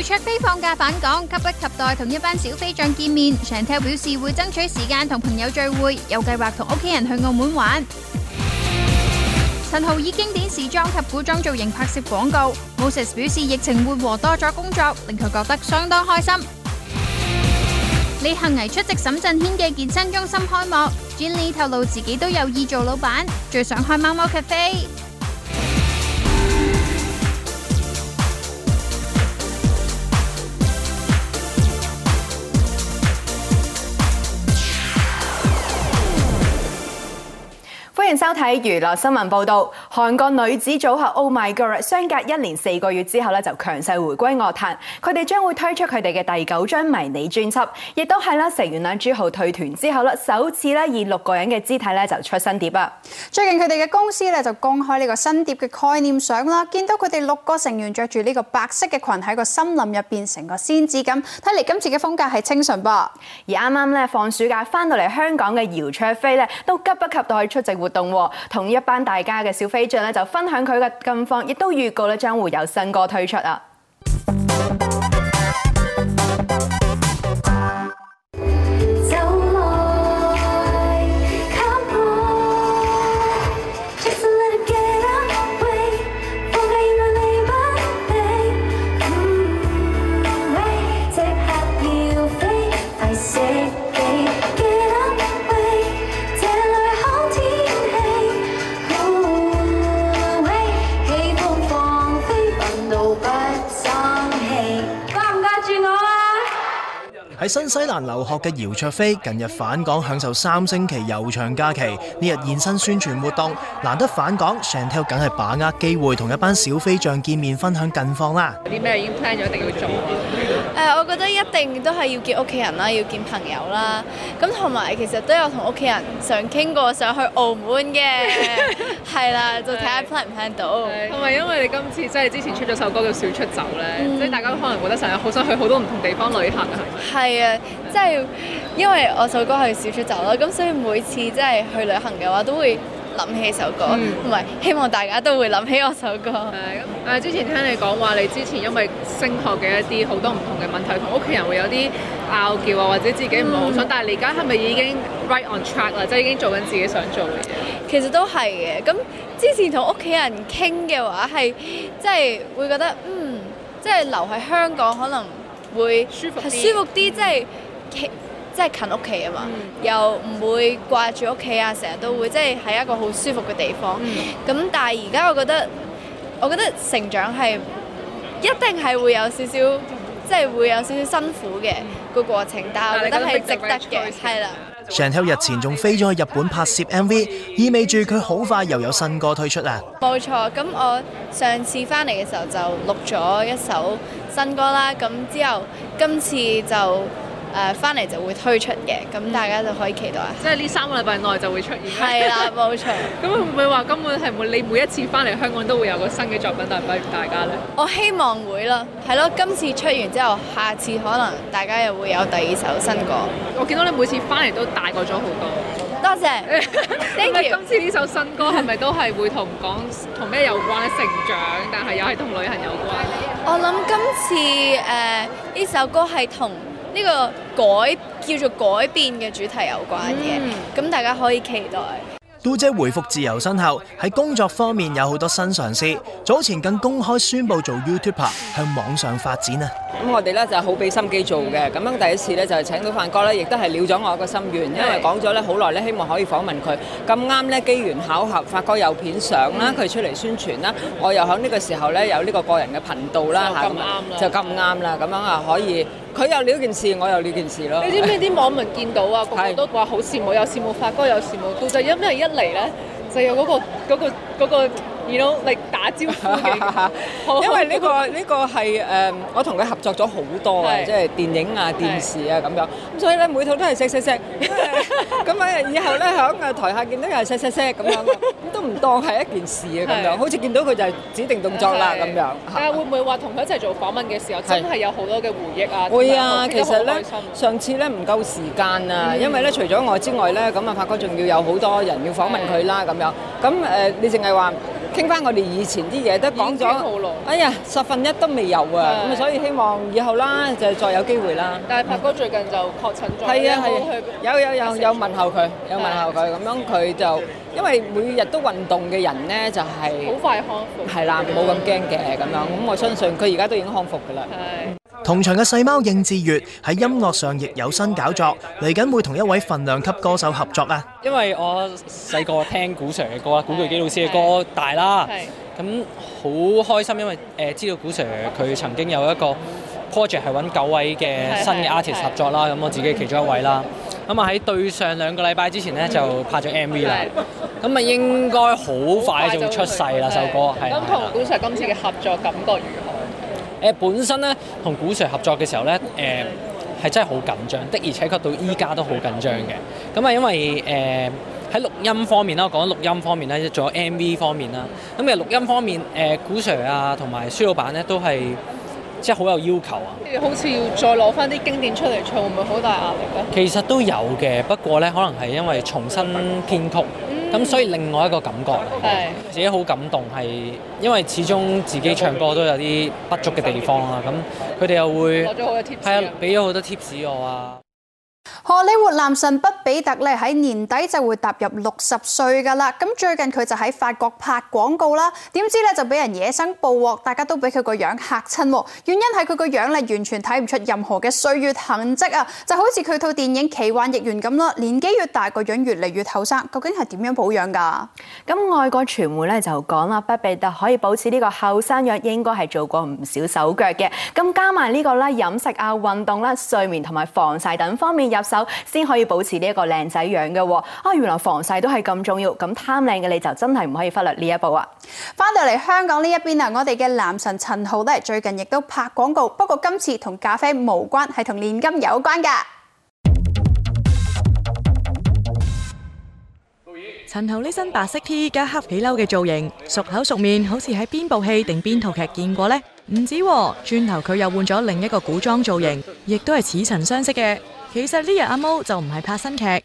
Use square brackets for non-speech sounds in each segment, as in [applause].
姚焯菲放假返港，急不及待同一班小飛象見面。Chantel 表示會爭取時間同朋友聚會，有計劃同屋企人去澳門玩。陳豪以經典時裝及古裝造型拍攝廣告，Moses 表示疫情緩和多咗工作，令佢覺得相當開心。李幸倪出席沈震軒嘅健身中心開幕，Jenny 透露自己都有意做老闆，最想開貓貓咖啡。歡迎收睇娛樂新聞報道。韓國女子組合 Oh My Girl 相隔一年四個月之後咧就強勢回歸樂壇，佢哋將會推出佢哋嘅第九張迷你專輯，亦都係啦成員啦朱浩退團之後啦首次咧以六個人嘅姿態咧就出新碟啊！最近佢哋嘅公司咧就公開呢個新碟嘅概念相啦，見到佢哋六個成員着住呢個白色嘅裙喺個森林入邊成個仙子咁，睇嚟今次嘅風格係清純噃。而啱啱咧放暑假翻到嚟香港嘅姚卓菲咧都急不及待出席活動。同一班大家嘅小飛象咧，就分享佢嘅近況，亦都預告咧將會有新歌推出啊！新西蘭留學嘅姚卓飛近日返港享受三星期悠長假期，呢日現身宣傳活動，難得返港，Shantel 梗係把握機會同一班小飛象見面，分享近況啦。有啲咩已經計劃咗一定要做？誒，我覺得一定都係要見屋企人啦，要見朋友啦。咁同埋其實都有同屋企人常傾過想去澳門嘅，係 [laughs] 啦，就睇下 plan 唔 plan 到。同埋因為你今次即係之前出咗首歌叫《小出走》咧、嗯，所以大家都可能覺得成日好想去好多唔同地方旅行係咪啊？係啊，即、就、係、是、因為我首歌係《小出走》啦，咁所以每次即係去旅行嘅話都會。諗起首歌，唔、嗯、係希望大家都會諗起我首歌。係、嗯、咁，誒、啊、之前聽你講話，你之前因為升學嘅一啲好多唔同嘅問題，同屋企人會有啲拗撬啊，或者自己唔好想。嗯、但係你而家係咪已經 right on track 啦？即係已經做緊自己想做嘅嘢？其實都係嘅。咁之前同屋企人傾嘅話，係即係會覺得，嗯，即係留喺香港可能會舒服啲，舒服啲，即、嗯、係。即係即係近屋企啊嘛，又唔會掛住屋企啊，成日都會即係喺一個好舒服嘅地方。咁但係而家我覺得，我覺得成長係一定係會有少少，即係會有少少辛苦嘅個過程。但係我覺得係值得嘅，係啦。Chantel 日前仲飛咗去日本拍攝 MV，意味住佢好快又有新歌推出啊！冇錯，咁我上次翻嚟嘅時候就錄咗一首新歌啦。咁之後今次就。誒翻嚟就會推出嘅，咁大家就可以期待啦。即係呢三個禮拜內就會出現嘅。係啦、啊，冇錯。咁 [laughs] 會唔會話根本係冇你每一次翻嚟香港都會有一個新嘅作品帶俾大家呢？我希望會啦，係咯。今次出完之後，下次可能大家又會有第二首新歌。我見到你每次翻嚟都大個咗好多，多謝，謝。咁啊，今次呢首新歌係咪都係會同講同咩有關嘅成長，但係又係同旅行有關。我諗今次誒呢、呃、首歌係同。呢個改叫做改變嘅主題有關嘅，咁大家可以期待。杜姐回復自由身後，喺工作方面有好多新嘗試。早前更公開宣布做 YouTuber，向網上發展啊！咁我哋咧就好俾心機做嘅，咁樣第一次咧就係請到發哥咧，亦都係了咗我一個心願，因為講咗咧好耐咧，希望可以訪問佢。咁啱咧，機緣巧合，發哥有片上啦，佢出嚟宣傳啦，我又喺呢個時候咧有呢個個人嘅頻道啦，就咁啱啦，咁樣啊可以。佢有呢件事，我有呢件事咯。你知唔知啲網民見到啊，個個都話好羨慕，有羨慕發哥，有羨慕到，就因為一嚟咧，就有嗰個、嗰個、嗰個嗰個。嗰個努力打招呼，因為呢個呢個係誒，我同佢合作咗好多啊，即係電影啊、電視啊咁樣。咁所以咧，每套都係錫錫錫。咁啊，以後咧喺啊台下見到又錫錫錫咁樣，咁都唔當係一件事啊咁樣，好似見到佢就係指定動作啦咁樣。但係會唔會話同佢一齊做訪問嘅時候，真係有好多嘅回憶啊？會啊，其實咧，上次咧唔夠時間啊，因為咧除咗我之外咧，咁啊發哥仲要有好多人要訪問佢啦咁樣。咁誒，你淨係話？傾翻我哋以前啲嘢，都講咗。哎呀，十分一都未有啊！咁啊，所以希望以後啦，就再有機會啦。但係發哥最近就確診咗，有冇去？有有有有問候佢，有問候佢，咁樣佢就因為每日都運動嘅人咧，就係好快康復，係啦，冇咁驚嘅咁樣。咁我相信佢而家都已經康復㗎啦。同場嘅細貓應智越喺音樂上亦有新搞作，嚟緊會同一位分量級歌手合作啊！因為我細個聽古 Sir 嘅歌啊，古巨基老師嘅歌大啦，咁好開心，因為誒、呃、知道古 Sir 佢曾經有一個 project 係搵九位嘅新嘅 artist 合作啦，咁我自己其中一位啦，咁啊喺對上兩個禮拜之前呢，就拍咗 MV 啦，咁啊應該好快就會出世啦首歌，咁同古 Sir 今次嘅合作感覺如何？誒、呃、本身咧同古 Sir 合作嘅時候咧，誒、呃、係真係好緊，緊張的，而且確到依家都好緊張嘅。咁啊，因為誒喺錄音方面啦，我講錄音方面咧，仲有 MV 方面啦。咁嘅錄音方面，誒、呃呃、古 Sir 啊同埋舒老闆咧都係即係好有要求啊。好似要再攞翻啲經典出嚟唱，會唔會好大壓力咧？其實都有嘅，不過咧可能係因為重新編曲。咁、嗯、所以另外一個感覺，自己好感動，係因為始終自己唱歌都有啲不足嘅地方啦。咁佢哋又會係呀，俾咗好多貼士我啊。荷里活男神畢比特咧，喺年底就會踏入六十歲噶啦，咁最近佢就喺法國拍廣告啦，點知咧，就俾人野生捕獲，大家都俾佢個樣嚇親。原因係佢個樣咧，完全睇唔出任何嘅歲月痕跡啊，就好似佢套電影《奇幻逆緣》咁啦。年紀越大個樣越嚟越後生，究竟係點樣保養噶？咁外國傳媒咧，就講啦，畢比特可以保持呢個後生樣，應該係做過唔少手腳嘅。咁加埋呢個咧飲食啊、運動啦、睡眠同埋防曬等方面入手先可以保持呢一個靚仔樣嘅啊！原來防曬都係咁重要，咁貪靚嘅你就真係唔可以忽略呢一步啊！翻到嚟香港呢一邊啊，我哋嘅男神陳豪都係最近亦都拍廣告，不過今次同咖啡無關，係同年金有關噶。陳豪呢身白色 T 加黑皮褸嘅造型，熟口熟面，好似喺邊部戲定邊套劇見過呢？唔止，哦，轉頭佢又換咗另一個古裝造型，亦都係似曾相識嘅。其實呢日阿毛就唔係拍新劇，而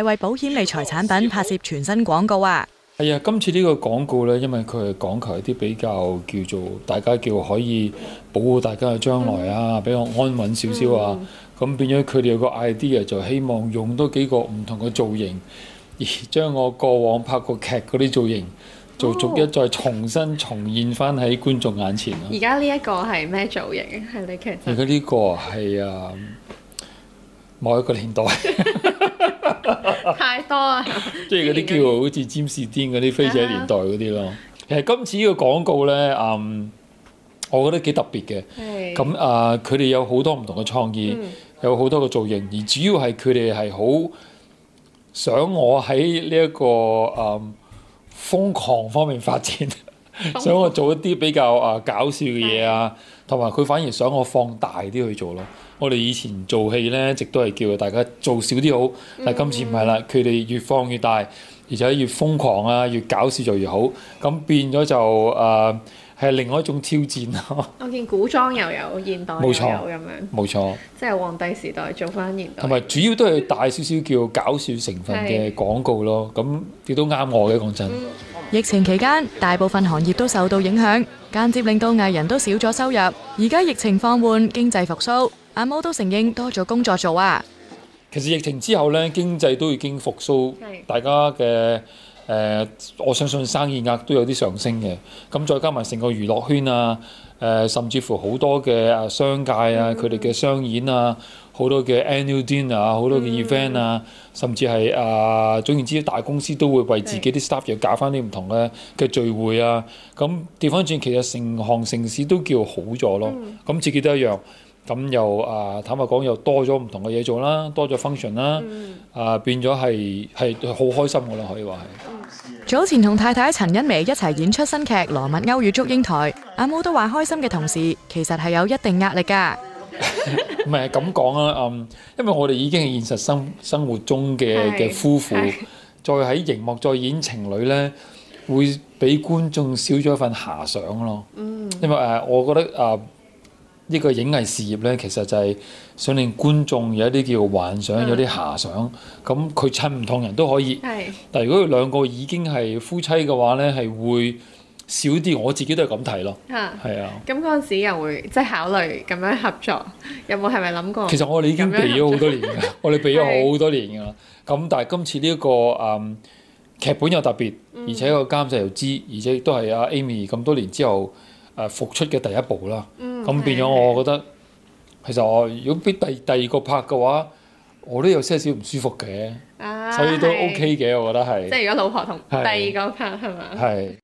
係為保險理財產品拍攝全新廣告啊！係啊，今次呢個廣告呢，因為佢係講求一啲比較叫做大家叫可以保護大家嘅將來啊、嗯，比較安穩少少啊，咁變咗佢哋有個 idea 就是、希望用多幾個唔同嘅造型，而將我過往拍過劇嗰啲造型，就、哦、逐一再重新重現翻喺觀眾眼前。而家呢一個係咩造型？係你其而家呢個係啊。某一個年代， [laughs] 太多啊了！即係嗰啲叫 [laughs] 好似 James Dean 嗰啲飛仔年代嗰啲咯。Yeah. 其實今次呢個廣告呢，嗯，我覺得幾特別嘅。咁啊，佢、嗯、哋有好多唔同嘅創意，有好多嘅造型，而主要係佢哋係好想我喺呢一個嗯瘋狂方面發展，想我做一啲比較啊搞笑嘅嘢啊。同埋佢反而想我放大啲去做咯。我哋以前做戲咧，一直都係叫大家做少啲好、嗯。但今次唔係啦，佢哋越放越大，而且越瘋狂啊，越搞笑就越好。咁變咗就誒係、呃、另外一種挑戰咯。我見古裝又有，有現代有咁樣，冇錯，即係皇帝時代做翻現代，同埋主要都係大少少叫搞笑成分嘅廣告咯。咁亦都啱我嘅講真。嗯疫情期間，大部分行業都受到影響，間接令到藝人都少咗收入。而家疫情放緩，經濟復蘇，阿毛都承認多咗工作做啊。其實疫情之後咧，經濟都已經復蘇，大家嘅誒，我相信生意額都有啲上升嘅。咁再加埋成個娛樂圈啊，誒，甚至乎好多嘅誒商界啊，佢哋嘅商演啊。好多嘅 annual dinner 啊，好多嘅 event 啊，甚至係啊，總言之，大公司都會為自己啲 staff 約搞翻啲唔同嘅嘅聚會啊。咁調翻轉，其實成行成市都叫好咗咯。咁自己都一樣。咁又啊，坦白講，又多咗唔同嘅嘢做啦，多咗 function 啦。啊，變咗係係好開心嘅咯，可以話係。早前同太太陳茵媺一齊演出新劇《羅密歐與祝英台》，阿毛都話開心嘅同時，其實係有一定壓力㗎。唔係咁講啊，嗯，因為我哋已經係現實生生活中嘅嘅夫婦，再喺熒幕再演情侶咧，會俾觀眾少咗一份遐想咯。因為誒，我覺得啊，呢、呃這個影藝事業咧，其實就係想令觀眾有一啲叫幻想，嗯、有啲遐想。咁佢襯唔同人都可以，係。但係如果兩個已經係夫妻嘅話咧，係會。少啲，我自己都係咁睇咯。嚇，係啊。咁嗰陣時又會即係、就是、考慮咁樣合作，有冇係咪諗過？其實我哋已經避咗好多年嘅， [laughs] 我哋避咗好多年嘅。咁 [laughs] 但係今次呢、這、一個嗯劇本又特別，而且個監製又知、嗯，而且亦都係阿 Amy 咁多年之後誒、啊、復出嘅第一部啦。咁、嗯、變咗，我覺得其實我如果俾第第二個拍嘅話，我都有些少唔舒服嘅、啊，所以都 OK 嘅。我覺得係即係如果老婆同第二個拍係嘛？係。是吧是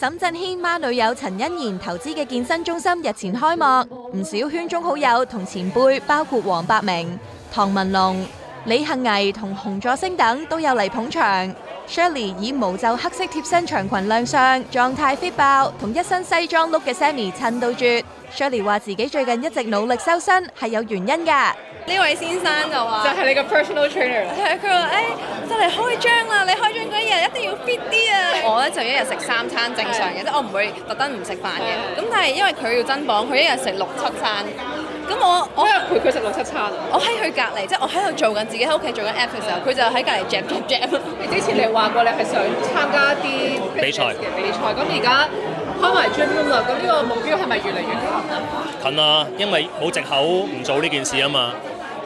沈振軒孖女友陳欣妍投資嘅健身中心日前開幕，唔少圈中好友同前輩，包括黃百鳴、唐文龍、李幸倪同洪卓星等，都有嚟捧場。Shelly 以無袖黑色貼身長裙亮相，狀態 fit 爆，同一身西裝 look 嘅 Sammy 襯到絕。Shelly 話自己最近一直努力修身係有原因㗎。呢位先生就話就係、是、你個 personal trainer。係佢話誒，就嚟、哎、開張啦！你開張嗰一日一定要 fit 啲啊！我咧就一日食三餐正常嘅，即我唔會特登唔食飯嘅。咁但係因為佢要增磅，佢一日食六七餐。咁我我食陪佢食六七餐。我喺佢隔離，即、就、係、是、我喺度做緊自己喺屋企做緊 app 嘅時候，佢就喺隔離 jump jump jump 你之前嚟 [laughs] 話過你係想參加啲比賽比賽，咁而家開埋 dream 啦，咁呢個目標係咪越嚟越近啊？近啊，因為冇藉口唔做呢件事啊嘛。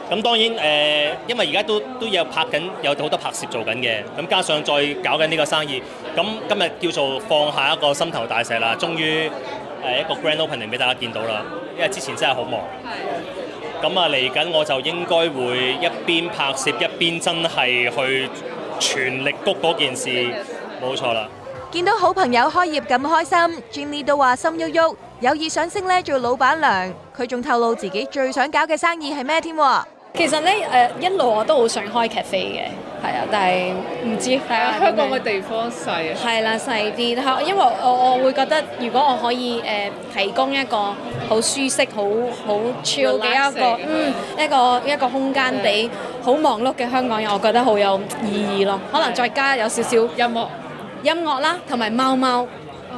咁當然誒、呃，因為而家都都有拍緊，有好多拍攝做緊嘅。咁加上再搞緊呢個生意，咁今日叫做放下一個心頭大石啦，終於誒一個 grand opening 俾大家見到啦。因為之前真係好忙。係。咁啊，嚟緊我就應該會一邊拍攝一邊真係去。全力谷嗰件事冇錯啦！見到好朋友開業咁開心，Jenny 都話心郁郁，有意想升呢做老闆娘。佢仲透露自己最想搞嘅生意係咩添？其實咧誒、呃，一路我都好想開 cafe 嘅，係啊，但係唔知係啊，香港嘅地方細係啦，細啲。但係因為我我會覺得，如果我可以誒、呃、提供一個好舒適、好好 chill 嘅一個的嗯一個一個空間，俾好忙碌嘅香港人，我覺得好有意義咯。可能再加有少少音樂、音樂啦，同埋貓貓。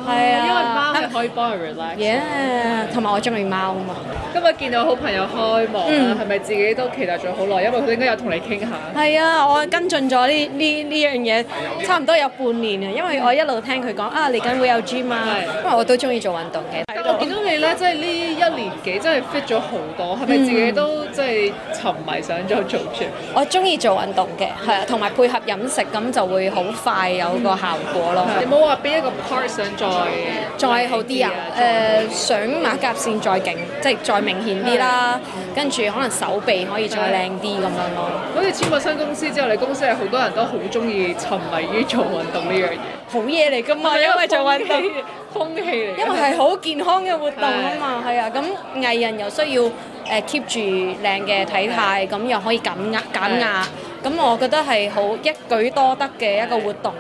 係啊，因為貓係可以幫佢 relax、yeah。同埋我中意貓啊嘛。今日見到好朋友開幕，係、嗯、咪自己都期待咗好耐？因為佢應該有同你傾下。係啊，我跟進咗呢呢呢樣嘢， [laughs] 差唔多有半年啊。因為我一路聽佢講 [laughs] 啊，嚟緊會有 gym 啊。因為我都中意做運動嘅。但我見到你咧，即係呢一年幾真係 fit 咗好多。係、嗯、咪自己都即係沉迷上咗做 gym？我中意做運動嘅，係啊，同埋配合飲食咁就會好快有個效果咯、嗯。你冇話畀一個 part 想做？再好啲啊！誒，想馬甲線再勁，即係再明顯啲啦。跟住可能手臂可以再靚啲咁樣咯。好似簽過新公司之後，你公司有好多人都好鍾意沉迷於做運動呢樣嘢。好嘢嚟㗎嘛，因為做運動風氣嚟。因為係好健康嘅活動啊嘛，係啊。咁藝人又需要誒 keep 住靚嘅體態，咁又可以減壓，減壓。咁我覺得係好一舉多得嘅一個活動。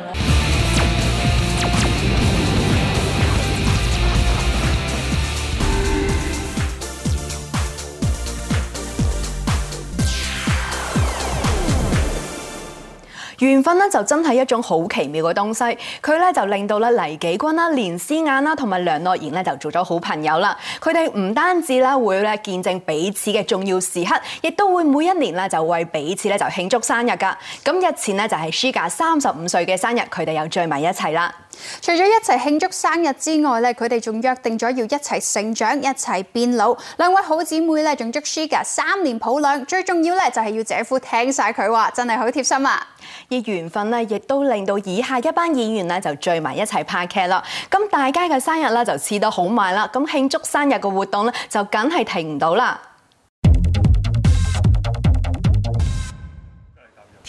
緣分呢就真係一種好奇妙嘅東西，佢咧就令到咧黎紀君啦、連詩雅啦同埋梁諾言咧就做咗好朋友啦。佢哋唔單止咧會咧見證彼此嘅重要時刻，亦都會每一年咧就為彼此咧就慶祝生日㗎。咁日前咧就係 Shiga 三十五歲嘅生日，佢哋又聚埋一齊啦。除咗一齊慶祝生日之外咧，佢哋仲約定咗要一齊成長，一齊變老。兩位好姊妹咧，仲祝 g a 三年抱兩，最重要咧就係要姐夫聽晒佢話，真係好貼心啊！而緣分咧，亦都令到以下一班演員咧就聚埋一齊拍劇啦。咁大家嘅生日咧就似得好埋啦，咁慶祝生日嘅活動咧就梗係停唔到啦。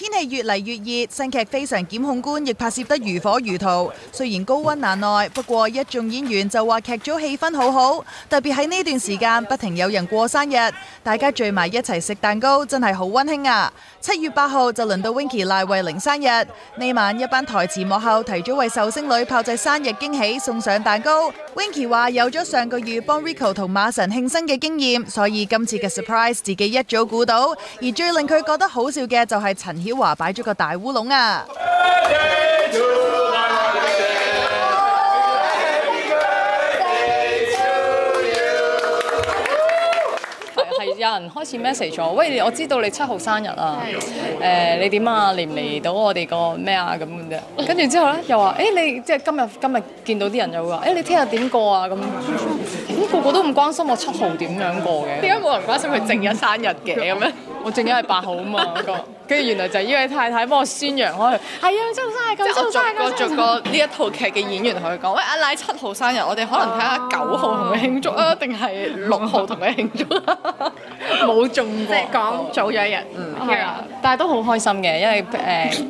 天氣越嚟越熱，新劇《非常檢控官》亦拍攝得如火如荼。雖然高温難耐，不過一眾演員就話劇組氣氛好好。特別喺呢段時間，不停有人過生日，大家聚埋一齊食蛋糕，真係好溫馨啊！七月八號就輪到 Winky 賴慧玲生日，呢晚一班台前幕後提早為壽星女炮製生日驚喜，送上蛋糕。Winky 話有咗上個月幫 Rico 同馬神慶生嘅經驗，所以今次嘅 surprise 自己一早估到，而最令佢覺得好笑嘅就係陳。小華擺咗個大烏龍啊！係係、oh, [music] 有人開始 message 咗。 [music] 喂，我知道你七號生日啊、呃、啊，誒、啊欸，你點啊？嚟唔嚟到我哋個咩啊？咁嘅啫。跟住之後咧，又話，誒，你即係今日今日見到啲人就會話，誒、欸，你聽日點過啊？咁，咁個個都唔關心我七號點樣過嘅。點解冇人關心佢正日生日嘅？咁樣？ [music] 我正日係八號啊嘛。跟住原來就係呢位太太幫我宣揚開佢，係啊真曬，中曬，中我逐個逐個呢一套劇嘅演員同佢講： [laughs] 喂，阿奶七號生日， [laughs] 我哋可能睇下九號同佢慶祝啊，定係六號同佢慶祝冇 [laughs] 中，即係講早咗一日，係 [laughs] 啊、嗯！ [laughs] 但係都好開心嘅，因為誒，佢、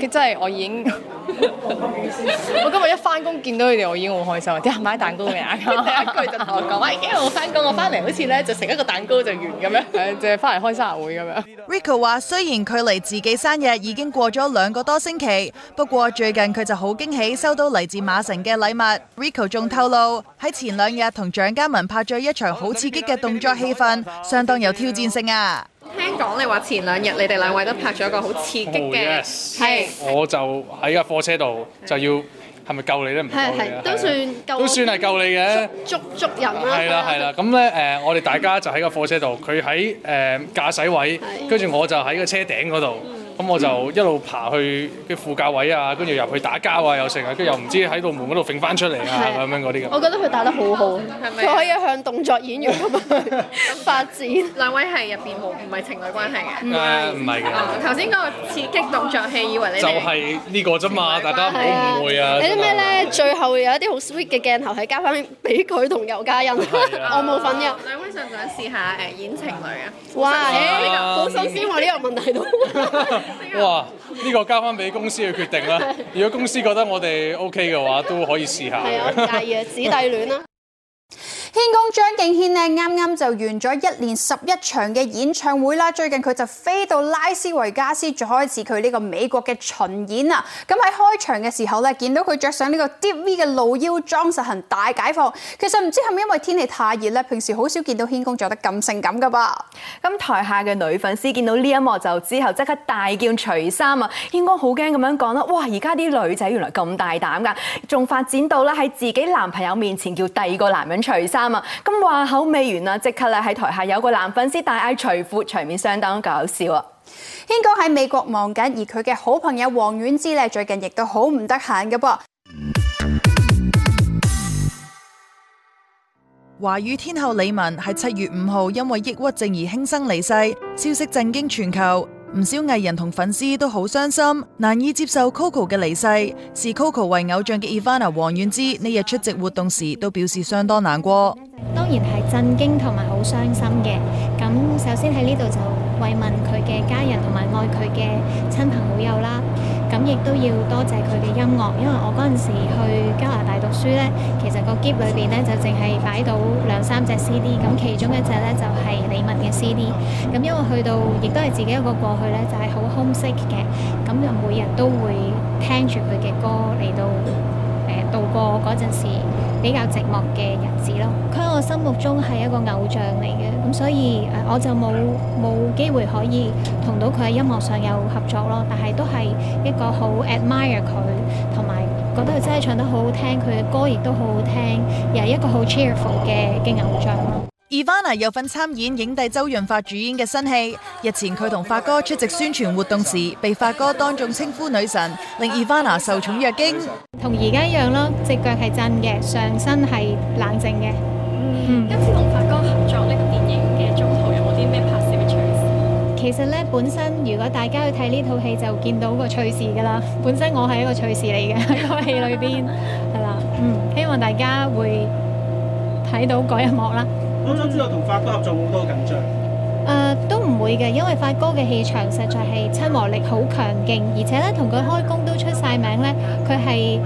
呃、 [laughs] 真係我已經我今日一翻工見到佢哋，我已經好 [laughs] [laughs] 開心。啲 [laughs] 人買蛋糕嚟佢？ [laughs] 第一句就同我講：喂、 [laughs] 哎，今日我翻工，我翻嚟好似咧就食一個蛋糕就完咁 [laughs] [laughs] [laughs] 樣，就係翻嚟開生日會咁樣。Rico 話：雖然佢嚟自己。生日已經過咗兩個多星期，不過最近佢就好驚喜，收到嚟自馬神嘅禮物。Rico 仲透露喺前兩日同蔣嘉文拍咗一場好刺激嘅動作戲份，相當有挑戰性啊！聽講你話前兩日你哋兩位都拍咗一個好刺激嘅戲、oh, yes.，我就喺個貨車度就要係咪救你咧？唔係，係係都算都算係救你嘅，捉捉人啦。係啦係啦，咁咧誒，我哋大家就喺個貨車度，佢喺誒駕駛位，跟住我就喺個車頂嗰度。咁我就一路爬去啲副駕位啊，跟住入去打交啊，又剩啊，跟住又唔知喺度門嗰度揈翻出嚟啊，咁樣嗰啲我覺得佢打得好好，係咪？佢可以向動作演員嗰邊發展。嗯、兩位係入邊冇唔係情侶關係嘅？唔、嗯、係，唔頭先嗰個刺激動作戲，以為你係係就係、係、呢個啫嘛，大家唔好誤會啊。你啲咩咧？最後有一啲好 sweet 嘅鏡頭上給他和家印，係交翻俾佢同尤嘉欣，我冇份入。兩位想唔想試下誒演情侶啊？哇，好、欸欸呢個嗯、新鮮喎！呢、嗯、個問題都～ [laughs] 哇！呢、這個交翻俾公司去決定啦。如果公司覺得我哋 OK 嘅話，都可以試下。係啊，姊弟戀啦。 [laughs] 軒公張敬軒咧，啱啱就完咗一連十一場嘅演唱會啦。最近佢就飛到拉斯維加斯就開始佢呢個美國嘅巡演啊。咁、嗯、喺開場嘅時候咧，見到佢着上呢個 deep V 嘅露腰裝，實行大解放。其實唔知係咪因為天氣太熱咧，平時好少見到軒公着得咁性感噶噃。咁台下嘅女粉絲見到呢一幕就之後即刻大叫除衫啊！軒公好驚咁樣講啦，哇！而家啲女仔原來咁大膽噶，仲發展到咧喺自己男朋友面前叫第二個男人除衫。啊、嗯！咁話口未完啊，即刻咧喺台下有個男粉絲大嗌除褲，場面相當搞笑啊！軒哥喺美國忙緊，而佢嘅好朋友王菀之咧最近亦都好唔得閒㗎噃。華語天后李玟喺七月五號因為抑鬱症而輕生離世，消息震驚全球。唔少藝人同粉絲都好傷心，難以接受 Coco 嘅離世。視 Coco 為偶像嘅 Ivana 王菀之呢日出席活動時，都表示相當難過。當然係震驚同埋好傷心嘅。咁首先喺呢度就慰問佢嘅家人同埋愛佢嘅親朋好友啦。咁亦都要多謝佢嘅音樂，因為我嗰陣時去加拿大讀書呢，其實個喼裏面呢就淨係擺到兩三隻 CD，咁其中一隻呢就係李文嘅 CD。咁因為去到亦都係自己一個過去呢，就係好 homesick 嘅，咁就每日都會聽住佢嘅歌嚟到度過嗰陣時。比較寂寞嘅日子咯，佢喺我心目中係一個偶像嚟嘅，咁所以誒我就冇冇機會可以同到佢喺音樂上有合作咯，但係都係一個好 admire 佢，同埋覺得佢真係唱得好好聽，佢嘅歌亦都好好聽，又係一個好 cheerful 嘅嘅偶像咯。伊 Ivana 有份參演影帝周潤發主演嘅新戲，日前佢同發哥出席宣傳活動時，被發哥當眾稱呼女神，令伊 Ivana 受寵若驚。同而家一樣咯，隻腳係震嘅，上身係冷靜嘅。嗯，今次同發哥合作呢個電影嘅中途有冇啲咩拍攝嘅趣事？其實咧，本身如果大家去睇呢套戲就見到個趣事噶啦。本身我係一個趣事嚟嘅，喺個戲裏邊，係 [laughs] 啦，嗯，希望大家會睇到嗰一幕啦。我想知道同發哥合作有冇咁多緊張？誒，都唔會嘅，因為發哥嘅氣場實在係親和力好強勁，而且咧同佢開工都出晒名咧，佢係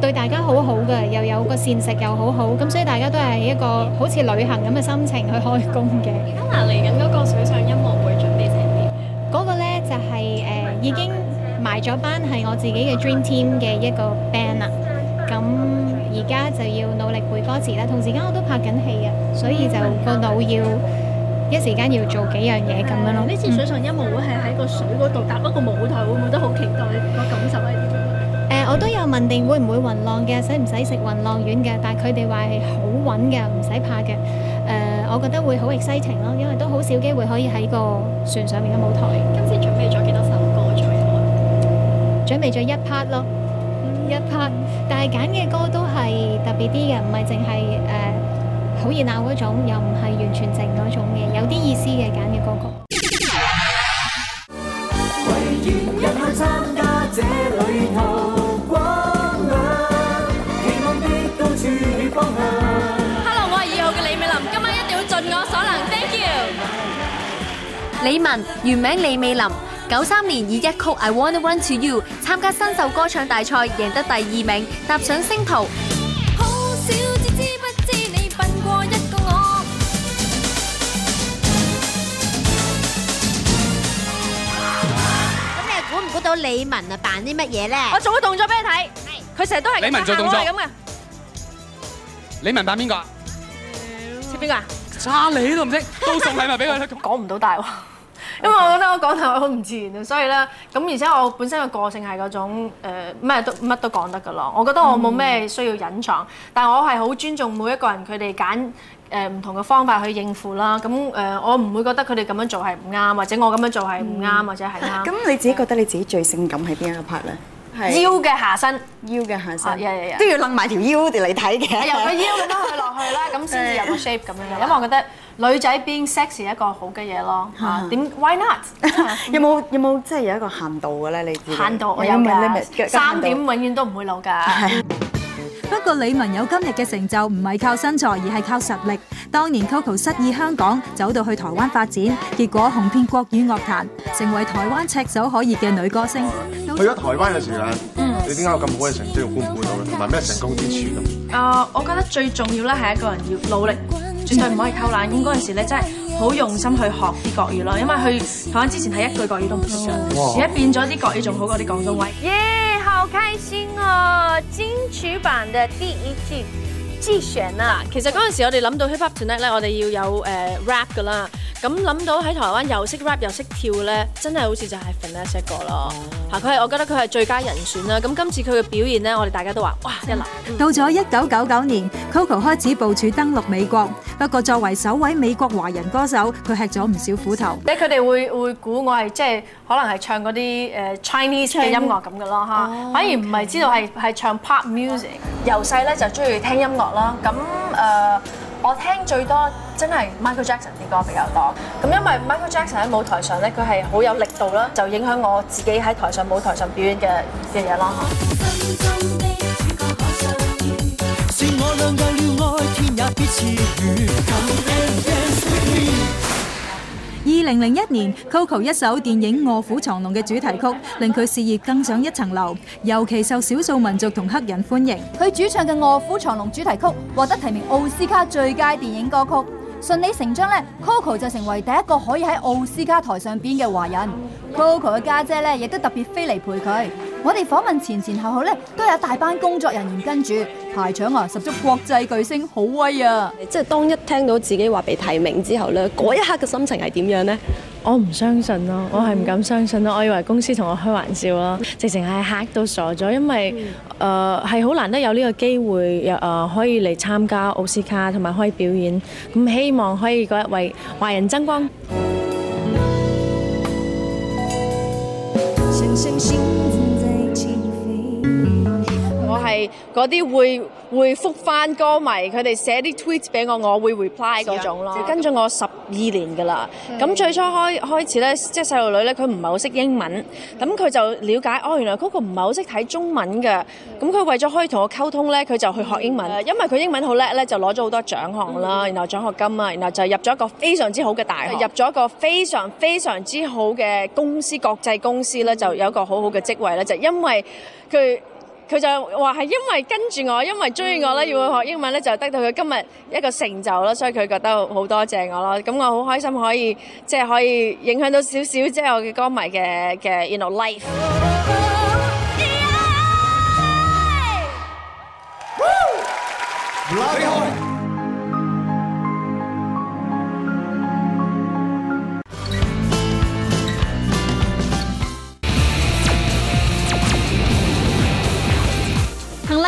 對大家好好嘅，又有個膳食又好好，咁所以大家都係一個好似旅行咁嘅心情去開工嘅。而家嗱，嚟緊嗰個水上音樂會準備成點？嗰個咧就係誒已經埋咗班，係我自己嘅 dream team 嘅一個 band 啦。而家就要努力背歌詞啦，同時間我都拍緊戲啊，所以就個腦要一時間要做幾樣嘢咁樣咯。呢次水上音樂會係喺個水嗰度搭一個舞台，會唔會都好期待個感受係點樣？誒，我都有問定會唔會暈浪嘅，使唔使食暈浪丸嘅？但係佢哋話係好穩嘅，唔使怕嘅。誒，我覺得會好 exciting 咯，因為都好少機會可以喺個船上面嘅舞台。今次準備咗幾多首歌出嚟？準備咗一 part 咯，一 part，但係揀嘅歌都～啲啲嘅，唔係淨係誒好熱鬧嗰種，又唔係完全靜嗰種嘅，有啲意思嘅揀嘅歌曲。希望的到處方向。Hello，我係二號嘅李美林，今晚一定要盡我所能。Thank you。李玟，原名李美林，九三年以一曲《I Wanna Run To You》參加新秀歌唱大賽，贏得第二名，踏上星途。李文啊，扮啲乜嘢咧？我做個動作俾你睇，佢成日都係。李文做動作。李文扮邊個？邊個啊？查你都唔識，都送禮物俾佢，講唔到大話。因為我覺得我講大話好唔自然啊，所以咧，咁而且我本身嘅個性係嗰種，誒，咩都乜都講得噶咯。我覺得我冇咩需要隱藏，但我係好尊重每一個人，佢哋揀。.誒、呃、唔同嘅方法去應付啦，咁、嗯、誒、呃、我唔會覺得佢哋咁樣做係唔啱，或者我咁樣做係唔啱或者係啱。咁、啊、你自己覺得你自己最性感喺邊一 part 咧？腰嘅下身，腰嘅下身，都、啊啊、要擸埋條腰嚟睇嘅。由個腰咁樣去落去啦，咁先至有個 shape 咁、啊、樣、啊。因為我覺得女仔 being sexy 係一個好嘅嘢咯，嚇點 why not？有冇有冇即係有一個限度嘅咧？你限度我有㗎，三點永遠都唔會漏㗎。啊。不過李玟有今日嘅成就唔係靠身材，而係靠實力。當年 Coco 失意香港，走到去台灣發展，結果紅遍國語樂壇，成為台灣赤手可熱嘅女歌星。去咗台灣嘅時候，嗯，你點解有咁好嘅成績，估唔估到咧？同埋咩成功之處咁？啊，我覺得最重要咧係一個人要努力。絕對唔可以偷懶，咁嗰陣時呢真係好用心去學啲國語咯，因為佢台灣之前係一句國語都唔識嘅，而家變咗啲國語仲好過啲廣東話。耶，Yeah，好開心哦！金曲版的第一季季選啦，其實嗰陣時我哋諗到 Hip Hop Tonight 我哋要有 rap 㗎啦。咁諗到喺台灣又識 rap 又識跳咧，真係好似就係 Vanessa 個咯嚇，佢係我覺得佢係最佳人選啦。咁今次佢嘅表現咧，我哋大家都話，哇一粒。到咗一九九九年，Coco 開始部署登陸美國，不過作為首位美國華人歌手，佢吃咗唔少苦頭。即係佢哋會會估我係即係可能係唱嗰啲誒 Chinese 嘅音樂咁嘅咯嚇，反而唔係知道係係唱 pop music。由細咧就中意聽音樂啦，咁誒我聽最多。真係 Michael Jackson 啲歌比較多，咁因為 Michael Jackson 喺舞台上咧，佢係好有力度啦，就影響我自己喺台上舞台上表演嘅嘅嘢啦。二零零一年，Coco 一首電影《卧虎藏龍》嘅主題曲，令佢事業更上一層樓，尤其受少數民族同黑人歡迎。佢主唱嘅《卧虎藏龍》主題曲獲得提名奧斯卡最佳電影歌曲。順理成章咧，Coco 就成為第一個可以喺奧斯卡台上邊嘅華人。Coco 嘅家姐咧，亦都特別飛嚟陪佢。我哋訪問前前後後咧，都有大班工作人員跟住排場啊，十足國際巨星，好威啊！即係當一聽到自己話被提名之後咧，嗰一刻嘅心情係點樣呢？我唔相信咯，我係唔敢相信咯，我以為公司同我開玩笑咯，直情係嚇到傻咗，因為誒係好難得有呢個機會，誒可以嚟參加奧斯卡同埋開表演，咁希望可以嗰日為華人爭光。係嗰啲會會覆翻歌迷，佢哋寫啲 tweets 俾我，我會 reply 嗰種咯。跟咗我十二年噶啦。咁最初開開始咧，即係細路女咧，佢唔係好識英文。咁佢就瞭解哦，原來哥哥唔係好識睇中文嘅。咁佢為咗可以同我溝通咧，佢就去學英文。因為佢英文好叻咧，就攞咗好多獎項啦，然後獎學金啊，然後就入咗一個非常之好嘅大學，入咗一個非常非常之好嘅公司，國際公司咧，就有個好好嘅職位咧，就因為佢。佢就話係因為跟住我，因為鍾意我咧，要去學英文咧，就得到佢今日一個成就咯，所以佢覺得好多謝我咯。咁我好開心可以即係可以影響到少少，即係我嘅歌迷嘅嘅，you know life。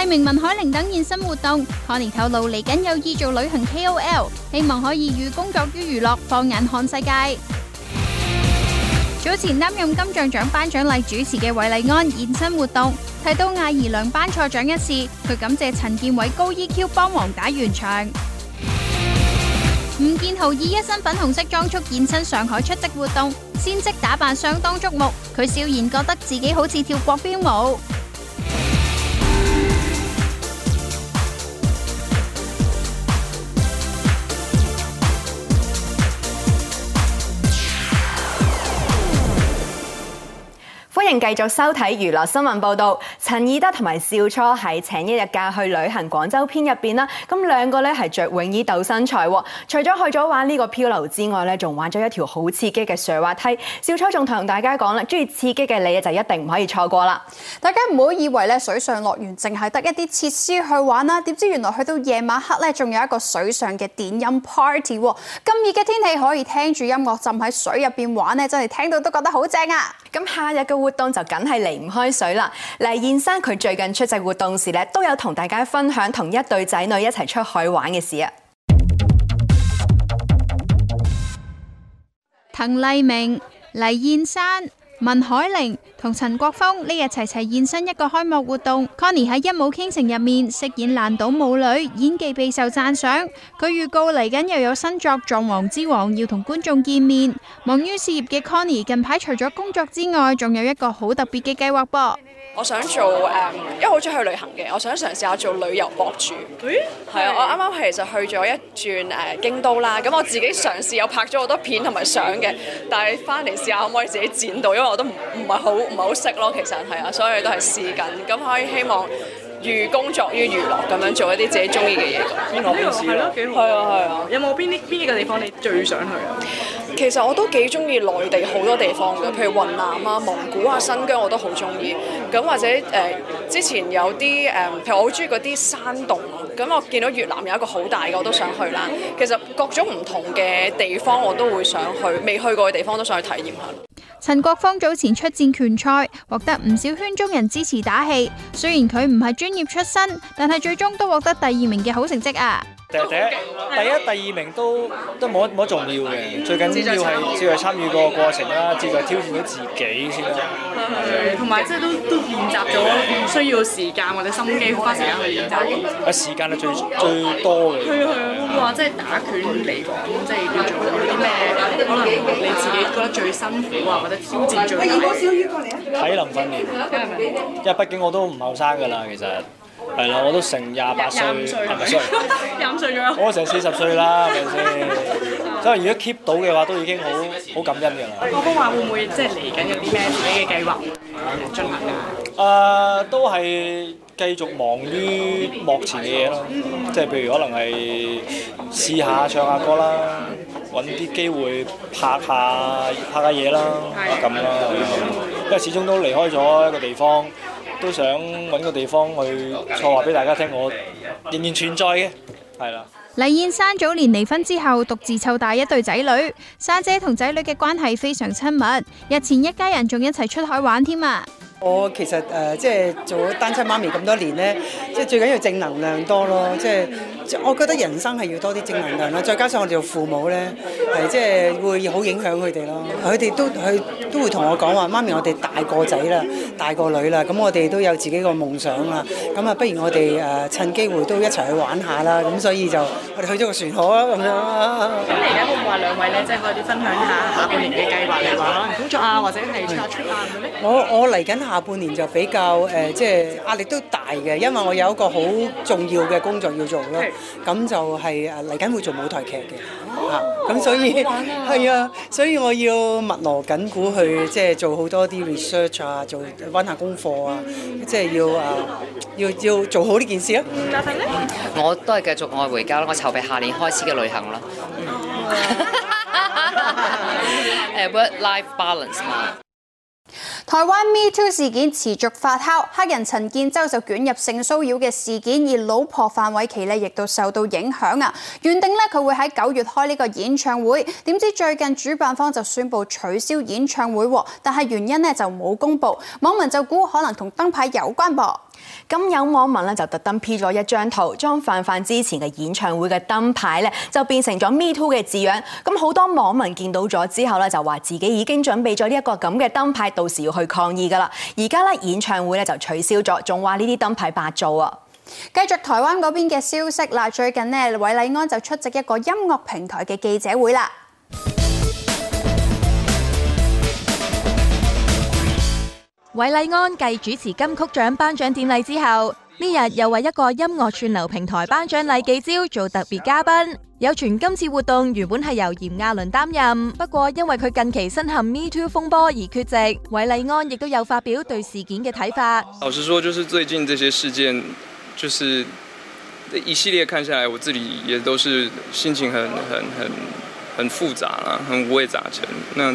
黎明、文海玲等現身活動，海玲透露嚟緊有意做旅行 K O L，希望可以寓工作於娛樂，放眼看世界。早前擔任金像獎頒獎禮主持嘅韋麗安現身活動，提到亞姨兩頒錯獎一事，佢感謝陳建偉高 EQ 幫忙打圓場。吳建豪以一身粉紅色裝束現身上海出席活動，先式打扮相當矚目，佢笑言覺得自己好似跳國標舞。繼續收睇娛樂新聞報道，陳以德同埋少初喺請一日假去旅行廣州篇入邊啦，咁兩個咧係着泳衣鬥身材，除咗去咗玩呢個漂流之外咧，仲玩咗一條好刺激嘅水滑梯。少初仲同大家講咧，中意刺激嘅你就一定唔可以錯過啦。大家唔好以為咧，水上樂園淨係得一啲設施去玩啦，點知原來去到夜晚黑咧，仲有一個水上嘅電音 party。咁熱嘅天氣可以聽住音樂浸喺水入邊玩呢，真係聽到都覺得好正啊！咁夏日嘅活。就梗係離唔開水啦。黎燕珊佢最近出席活動時咧，都有同大家分享同一對仔女一齊出海玩嘅事啊。滕麗明、黎燕珊、文海玲，同陳國鋒呢日齊齊現身一個開幕活動。Connie 喺《一舞傾城》入面飾演爛賭舞女，演技備受讚賞。佢預告嚟緊又有新作《狀王之王》要同觀眾見面。忙於事業嘅 Connie 近排除咗工作之外，仲有一個好特別嘅計劃噃。我想做誒，因為好鍾意去旅行嘅，我想嘗試下做旅遊博主。係、欸、啊，我啱啱其實去咗一轉誒京都啦。咁我自己嘗試有拍咗好多片同埋相嘅，但係翻嚟試下可唔可以自己剪到，因為我都唔唔係好。唔係好識咯，其實係啊，所以都係試緊，咁可以希望寓工作於娛樂咁樣做一啲自己中意嘅嘢。邊個邊個？係 [laughs] 咯，係啊，係啊。有冇邊啲邊幾個地方你最想去啊？ [laughs] 其實我都幾中意內地好多地方嘅，譬如雲南啊、蒙古啊、新疆我都好中意。咁或者、呃、之前有啲、呃、譬如我好中意嗰啲山洞啊。咁我見到越南有一個好大嘅，我都想去啦。其實各種唔同嘅地方我都會想去，未去過嘅地方都想去體驗下。陳國芳早前出戰拳賽，獲得唔少圈中人支持打氣。雖然佢唔係專業出身，但係最終都獲得第二名嘅好成績啊！第第一第一第二名都都冇乜冇乜重要嘅，最緊要係即係參與個過程啦，即係挑戰咗自己先啦。同埋即係都都練習咗，唔需要時間或者心機花時間去練習。啊，時間係最最，最多嘅。係係啊，即係打拳來，嚟講即係要做啲咩？可能你自己覺得最辛苦，或者挑戰最大嘅。體能訓練，因為畢竟我都唔後生噶啦，其實。是係啦，我都成廿八歲，係咪先？廿八歲咗啦， [laughs] 我成四十歲啦，係咪先？所以如果 keep 到嘅話，都已經好好感恩嘅啦。我都話會唔會即係嚟緊有啲咩自己嘅計劃進行㗎？誒、啊，都係繼續忙於目前嘅嘢咯，即係譬如可能係試一下唱下歌啦，揾啲機會拍下拍下嘢啦，咁啦，啊啊、 [laughs] 因為始終都離開咗一個地方。都想揾個地方去坐話俾大家聽，我仍然存在嘅，係啦。黎燕珊早年離婚之後，獨自湊大一對仔女，珊姐同仔女嘅關係非常親密。日前一家人仲一齊出海玩添啊！我其實誒，即、呃、係、就是、做單親媽咪咁多年咧，即、就、係、是、最緊要正能量多咯。即、就、係、是、我覺得人生係要多啲正能量啦。再加上我哋做父母咧，係即係會好影響佢哋咯。佢哋都佢都會同我講話，媽咪，我哋大個仔啦，大個女啦，咁我哋都有自己個夢想啦。咁啊，不如我哋誒趁機會都一齊去玩一下啦。咁所以就我哋去咗個船河啦，啊，咁樣啦。咁嚟緊話兩位咧，即係可以分享一下下個年嘅計劃嚟話、啊，工作啊，或者係出下嘅我我嚟緊。下半年就比較誒，即係壓力都大嘅，因為我有一個好重要嘅工作要做咯。咁就係嚟緊會做舞台劇嘅，啊，咁所以係啊，所以我要密鑼緊鼓去即係做好多啲 research 啊，做溫下功課啊，即係要啊，要要做好呢件事啊。家庭咧，我都係繼續愛回家咯，我籌備下年開始嘅旅行啦。嗯，誒，work life balance 嘛。台灣 Me Too 事件持續發酵，黑人陳建州就捲入性騷擾嘅事件，而老婆范瑋琪亦都受到影響啊！原定咧佢會喺九月開呢個演唱會，點知最近主辦方就宣布取消演唱會，但係原因咧就冇公布，網民就估可能同燈牌有關噃。咁有網民咧就特登 P 咗一張圖，將范范之前嘅演唱會嘅燈牌咧，就變成咗 Me Too 嘅字樣。咁好多網民見到咗之後咧，就話自己已經準備咗呢一個咁嘅燈牌，到時要去抗議噶啦。而家咧演唱會咧就取消咗，仲話呢啲燈牌白做啊。繼續台灣嗰邊嘅消息啦，最近呢，韋禮安就出席一個音樂平台嘅記者會啦。韋禮安繼主持金曲獎頒獎典禮之後，呢日又為一個音樂串流平台頒獎禮記招做特別嘉賓。有傳今次活動原本係由炎亞綸擔任，不過因為佢近期身陷 Me Too 風波而缺席。韋禮安亦都有發表對事件嘅睇法。老實說，就是最近這些事件，就是一系列看下來，我自己也都是心情很、很、很、很複雜啦，很五味雜陳。那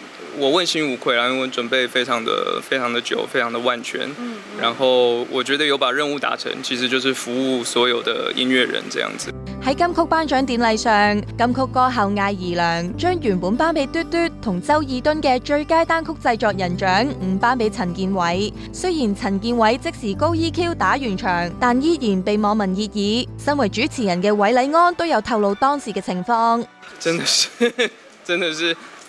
我問心無愧啦，因為我準備非常的、非常的久、非常的萬全。嗯，嗯，然後我覺得有把任務達成，其實就是服務所有的音樂人這樣子。喺金曲頒獎典禮上，金曲歌後艾怡良將原本頒俾嘟嘟同周以敦嘅最佳單曲製作人獎，唔頒俾陳建偉。雖然陳建偉即時高 EQ 打完場，但依然被網民熱議。身為主持人嘅韋禮安都有透露當時嘅情況。真的是，真的是。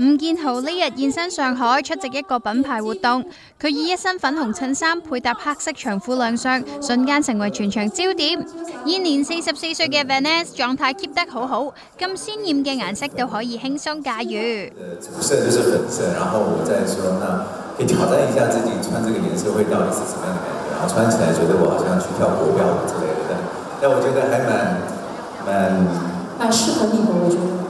吳建豪呢日現身上海出席一個品牌活動，佢以一身粉紅襯衫配搭黑色長褲亮相，瞬間成為全場焦點。現年四十四歲嘅 Vanness 狀態 keep 得好好，咁鮮艷嘅顏色都可以輕鬆駕馭。誒，主色就是粉色，然後我再說，那可以挑戰一下自己穿這個顏色會到底是什麼樣的感覺？然後穿起來覺得我好像去跳國標了之類的，但但我覺得還蠻蠻蠻適合你嘅，我覺得。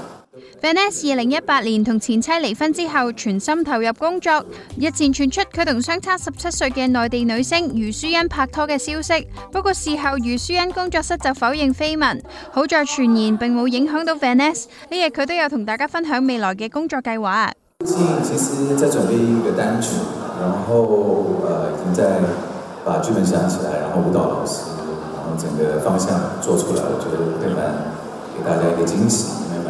Vaness 二零一八年同前妻離婚之後，全心投入工作。日前傳出佢同相差十七歲嘅內地女星余舒恩拍拖嘅消息，不過事後余舒恩工作室就否認緋聞。好在傳言並冇影響到 Vaness，呢日佢都有同大家分享未來嘅工作計劃。最近其實在準備一個單曲，然後呃已經在把劇本寫起來，然後舞蹈老師，然後整個方向做出來，我覺得可能給大家一個驚喜。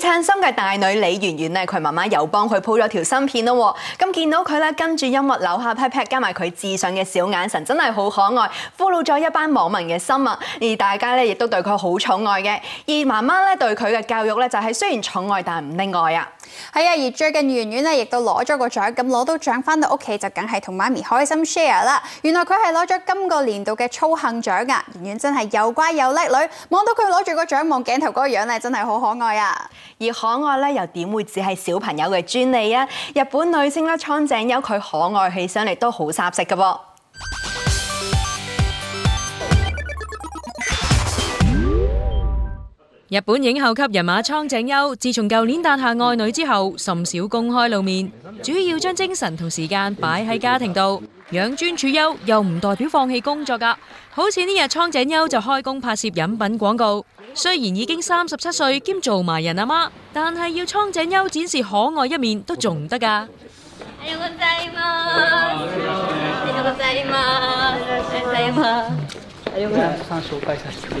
撐心嘅大女李媛媛咧，佢媽媽又幫佢鋪咗一條新片咯。咁見到佢跟住音樂扭下 pat pat 加埋佢自信嘅小眼神，真係好可愛，俘虜咗一班網民的心啊！而大家亦都對佢好寵愛嘅，而媽媽對佢嘅教育咧就係雖然寵愛，但唔溺愛啊。係啊，而最近圓圓咧亦都攞咗個獎，咁攞到獎翻到屋企就梗係同媽咪開心 share 啦。原來佢係攞咗今個年度嘅操行獎噶，圓圓真係又乖又叻女，望到佢攞住個獎望鏡頭嗰個樣咧，真係好可愛啊！而可愛咧又點會只係小朋友嘅專利啊？日本女星啦，蒼井優，佢可愛起上嚟都好殺食噶喎。.日本影后級人馬蒼井優，自從舊年誕下愛女之後，甚少公開露面，主要將精神同時間擺喺家庭度，養尊處優又唔代表放棄工作㗎。好似呢日蒼井優就開工拍攝飲品廣告，雖然已經三十七歲兼做埋人阿媽，但係要蒼井優展示可愛一面都仲唔得㗎。謝謝。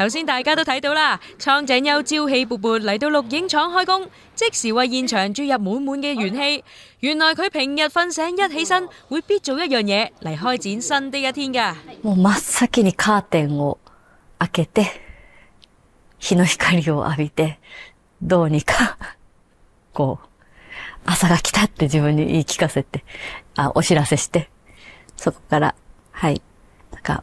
頭先大家都睇到啦。蒼井優朝氣勃勃嚟到錄影廠開工，即時為現場注入滿滿嘅元氣。原來佢平日瞓醒一起身，會必做一樣嘢，嚟開展新的一天㗎。もう真っ先にカーテンを開けて、日の光を浴びて、どうにかこう、こ朝が來たって自分に言い聞かせて、あ、お知らせして、そこから、はい。なんか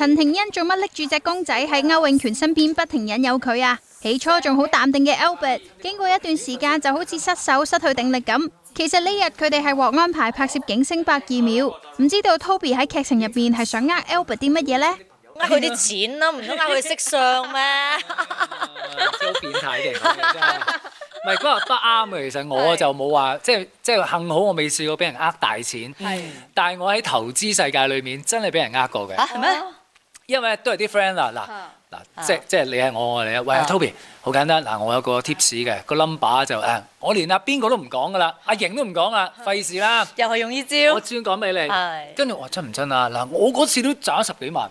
陳庭欣做乜拎住隻公仔喺區永權身邊不停引誘佢啊？起初仲好淡定嘅 Albert，經過一段時間就好似失手、失去定力咁。其實呢日佢哋係獲安排拍攝《警聲百二秒》，唔知道 Toby 喺劇情入面係想呃 Albert 啲乜嘢呢？呃佢啲錢咯、啊，唔通呃佢色相咩？即好變態嘅，唔係嗰日得啱嘅，其實我就冇話，即係即係幸好我未試過俾人呃大錢。係，但係我喺投資世界裏面真係俾人呃過嘅。係、啊、咩？啊啊因為都係啲 friend 啦，嗱、啊、嗱、啊啊、即即係你係我，我你喂 Toby 好簡單，嗱、啊啊啊啊、我有個 tips 嘅個 number 就誒、啊，我連阿邊個都唔講噶啦，阿、啊啊啊、盈都唔講啊，費事啦，又係用呢招。我專講俾你，跟住我話真唔真啊？嗱，我嗰次都賺咗十幾萬，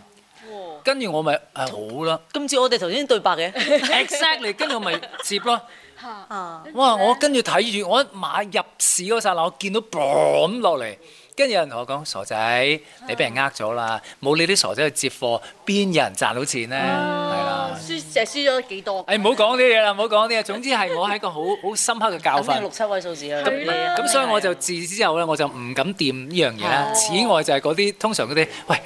跟住我咪、啊、好啦。今次我哋頭先對白嘅 [laughs] exactly，跟住我咪接咯、啊啊。哇！我跟住睇住我一買入市嗰剎那，我見到 boom 落嚟。跟住有人同我講：傻仔，你俾人呃咗啦！冇、啊、你啲傻仔去接貨，邊有人賺到錢呢？係、啊、啦，輸成輸咗幾多？誒唔好講啲嘢啦，唔好講啲嘢。總之係我係一個好好深刻嘅教訓。六七位數字啊！咁，所以我就自此之後咧，我就唔敢掂呢樣嘢啦。此外就係嗰啲通常嗰啲，喂，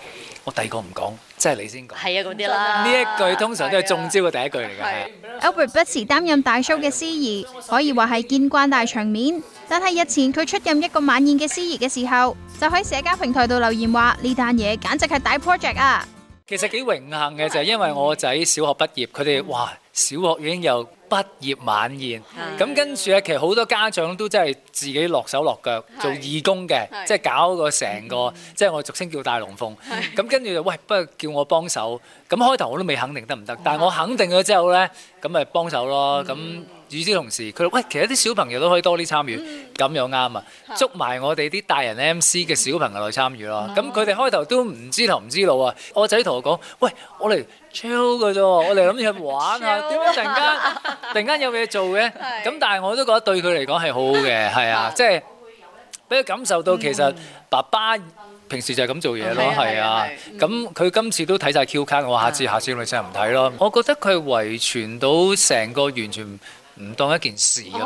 我第二個唔講，即係你先講。係啊，嗰啲啦。呢一句通常都係中招嘅第一句嚟㗎。Albert 不時擔任大 show 嘅司儀，是可以話係見慣大場面，但係日前佢出任一個晚宴嘅司儀嘅時候。就喺社交平台度留言話呢單嘢簡直係大 project 啊！其實幾榮幸嘅就係因為我仔小學畢業，佢哋哇小學已經有畢業晚宴，咁跟住咧其實好多家長都真係自己落手落腳做義工嘅，即係搞個成個即係我俗稱叫大龍鳳，咁跟住就喂，不如叫我幫手，咁開頭我都未肯定得唔得，但係我肯定咗之後咧，咁咪幫手咯，咁。與之同時，佢喂，其實啲小朋友都可以多啲參與，咁又啱啊！捉埋我哋啲大人 MC 嘅小朋友去參與咯。咁佢哋開頭都唔知頭唔知路啊！我仔同我講，喂，我嚟 chill 嘅啫，我嚟諗住去玩下。點解突然間突然間有嘢做嘅？咁但係我都覺得對佢嚟講係好好嘅，係啊，即係俾佢感受到其實爸爸平時就係咁做嘢咯，係啊。咁佢今次都睇晒 Q 卡，我下次下次我真係唔睇咯。我覺得佢遺傳到成個完全。唔當一件事咁樣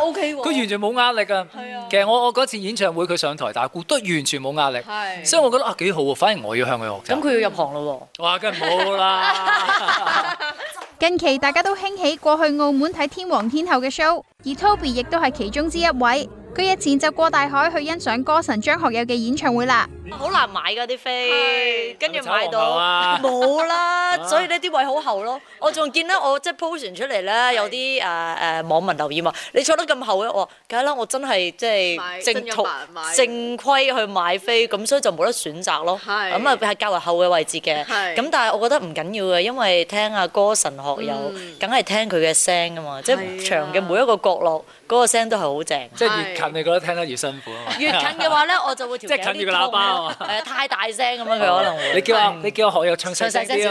OK、哎、啊，佢、啊、完全冇壓力啊。嗯、其實我我嗰次演唱會佢上台打鼓都完全冇壓力，所以我覺得啊幾好喎，反而我要向佢學習。咁佢要入行咯喎，哇，梗係冇啦。 [laughs] 近期大家都興起過去澳門睇天王天后嘅 show，而 Toby 亦都係其中之一位。佢日前就過大海去欣賞歌神張學友嘅演唱會啦，好難買嗰啲飛，跟住買到冇啦，所以呢啲位好後咯。我仲見到，我即係 post 出嚟咧，有啲誒誒網民留言話：你坐得咁後嘅？我梗係啦，我真係即係正途正規去買飛，咁所以就冇得選擇咯。咁啊係較為後嘅位置嘅，咁但係我覺得唔緊要嘅，因為聽下歌神學友梗係聽佢嘅聲啊嘛，即係場嘅每一個角落。嗰、那個聲都係好正，即係越近你覺得聽得越辛苦啊！越近嘅話咧，我就會條頸啲痛，即係近住個喇叭、啊，誒 [laughs] 太大聲咁樣，佢可能會你叫我你叫我學友唱細聲啲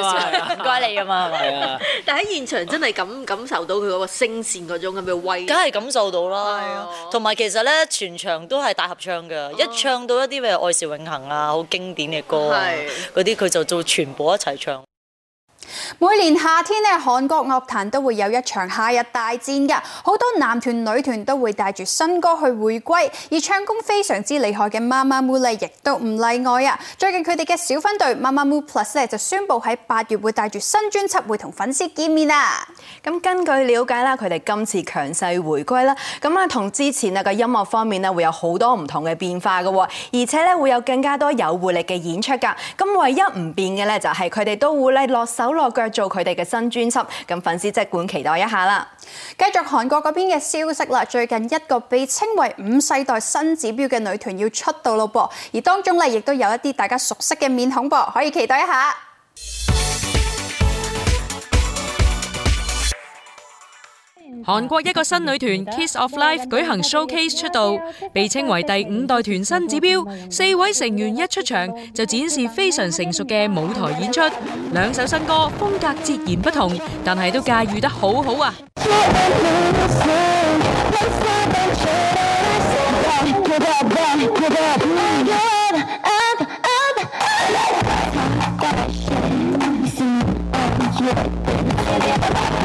唔該你啊嘛，但喺現場真係感感受到佢嗰個聲線嗰種咁嘅威，梗係感受到啦。係啊，同埋其實咧，全場都係大合唱嘅，一唱到一啲譬如《愛是永恆》啊，好經典嘅歌嗰啲，佢就做全部一齊唱。每年夏天咧，韓國樂壇都會有一場夏日大戰嘅，好多男團、女團都會帶住新歌去回歸，而唱功非常之厲害嘅 Mamamoo 亦都唔例外啊！最近佢哋嘅小分隊 Mamamoo Plus 咧就宣布喺八月會帶住新專輯會同粉絲見面啊！咁根據了解啦，佢哋今次強勢回歸啦，咁啊同之前啊嘅音樂方面咧會有好多唔同嘅變化嘅，而且咧會有更加多有活力嘅演出噶。咁唯一唔變嘅咧就係佢哋都會咧落手落。做佢哋嘅新專輯，咁粉絲即管期待一下啦。繼續韓國嗰邊嘅消息啦，最近一個被稱為五世代新指標嘅女團要出道咯噃，而當中咧亦都有一啲大家熟悉嘅面孔噃，可以期待一下。韓國一個新女團 Kiss of Life 舉行 showcase 出道，被稱為第五代團新指標。四位成員一出場就展示非常成熟嘅舞台演出，兩首新歌風格截然不同，但係都駕馭得好好啊！ [music]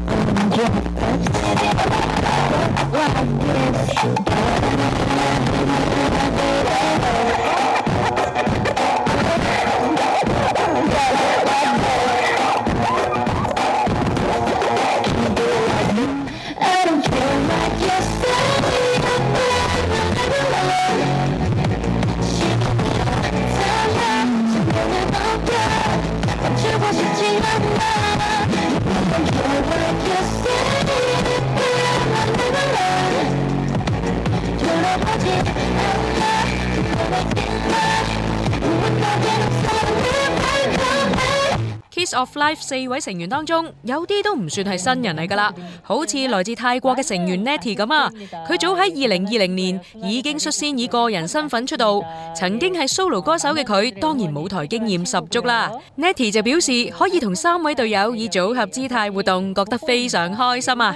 四位成員當中，有啲都唔算係新人嚟㗎啦，好似來自泰國嘅成員 Natty 咁啊！佢早喺二零二零年已經率先以個人身份出道，曾經係 solo 歌手嘅佢，當然舞台經驗十足啦。Natty 就表示可以同三位隊友以組合姿態活動，覺得非常開心啊！